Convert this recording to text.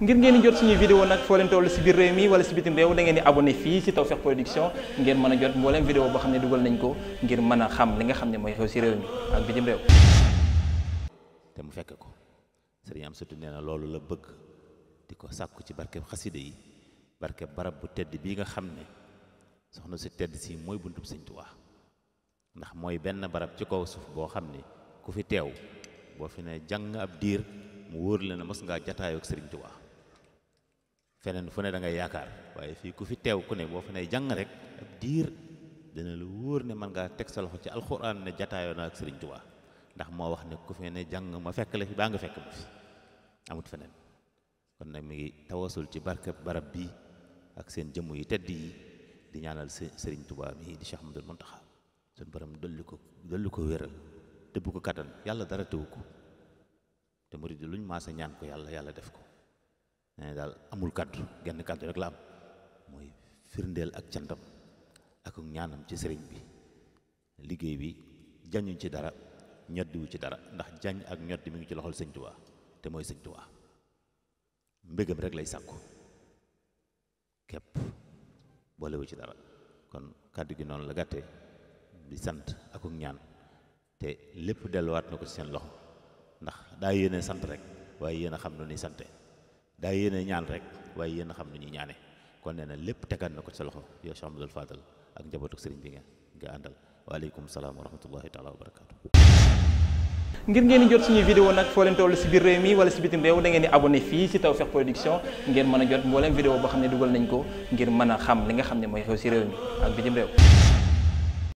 ngir ngeen jot suñu vidéo nag foo leen toll si biir réew mi wala si bitim réew da ngeen di abonné fii si Tawfekh Production ngeen mën a jot mbooleem vidéo boo xam ne dugal nañ ko ngir mën a xam li nga xam ne mooy xew si réew mi ak bitim réew te mu fekk ko sëriñ am surtout nee na loolu la bëgg di ko sàkku ci barkeb xasida yi barkeb barab bu tedd bii nga xam ne soxna si tedd si mooy buntub Sëñ Tuubaa ndax mooy benn barab ci kaw suuf boo xam ne ku fi teew boo fi ne jàng diir mu wóor la ne mos ngaa jataayoo ak feneen fu ne da ngay yaakaar waaye fii ku fi teew ku ne boo fa ne jàng rek ab diir dina la wóor ne mën ngaa teg sa loxo ci alxuraan ne jataayoo na ak Sëriñ Tuubaa ndax moo wax ne ku fi ne jàng ma fekk la fi baa nga fekk ma fi amut kon nag mi ngi tawasul ci barkeb barab bii ak seen jëmm yi tedd yi di ñaanal Sëriñ Tuubaa mii di Cheikh Ahmadul Muntaxa suñu borom dolli ko dolli ko wéral te bu ko kattan yàlla dara tewu ko te murid luñ maasa ñaan ko yàlla yàlla def ko ne daal amul kàddu genn kàddu rek la am mooy firndeel ak cantam ak ñaanam ci sëriñ bi liggéey bi jañuñ ci dara ñoddiwu ci dara ndax jañ ak ñoddi mu ngi ci loxol sëñ te mooy sëñ Tuubaa rek lay sàkku képp boolewu ci dara kon kàddu gi noonu la gàtte di sant ak ñaan te lépp delluwaat na ko ci seen loxo ndax daa yéene sant rek waaye yéen a xam nu ni sante daa yéene ñaan rek waaye yéen a xam ni ñuy ñaane kon nee na lépp tegaat na ko ci sa loxo yow Cheikh Amadou Fadal ak njabootu sëriñ bi nga nga àndal waaleykum salaam wa rahmatullahi taala wa barakaatu. ngir ngeen di jot suñuy vidéo nag foo leen toll si biir réew mi wala si bitim réew da ngeen di abonné fii si Tawfekh Production ngeen mën a jot mbooleem vidéo boo xam ne dugal nañ ko ngir mën a xam li nga xam ne mooy xew si réew mi ak bitim réew.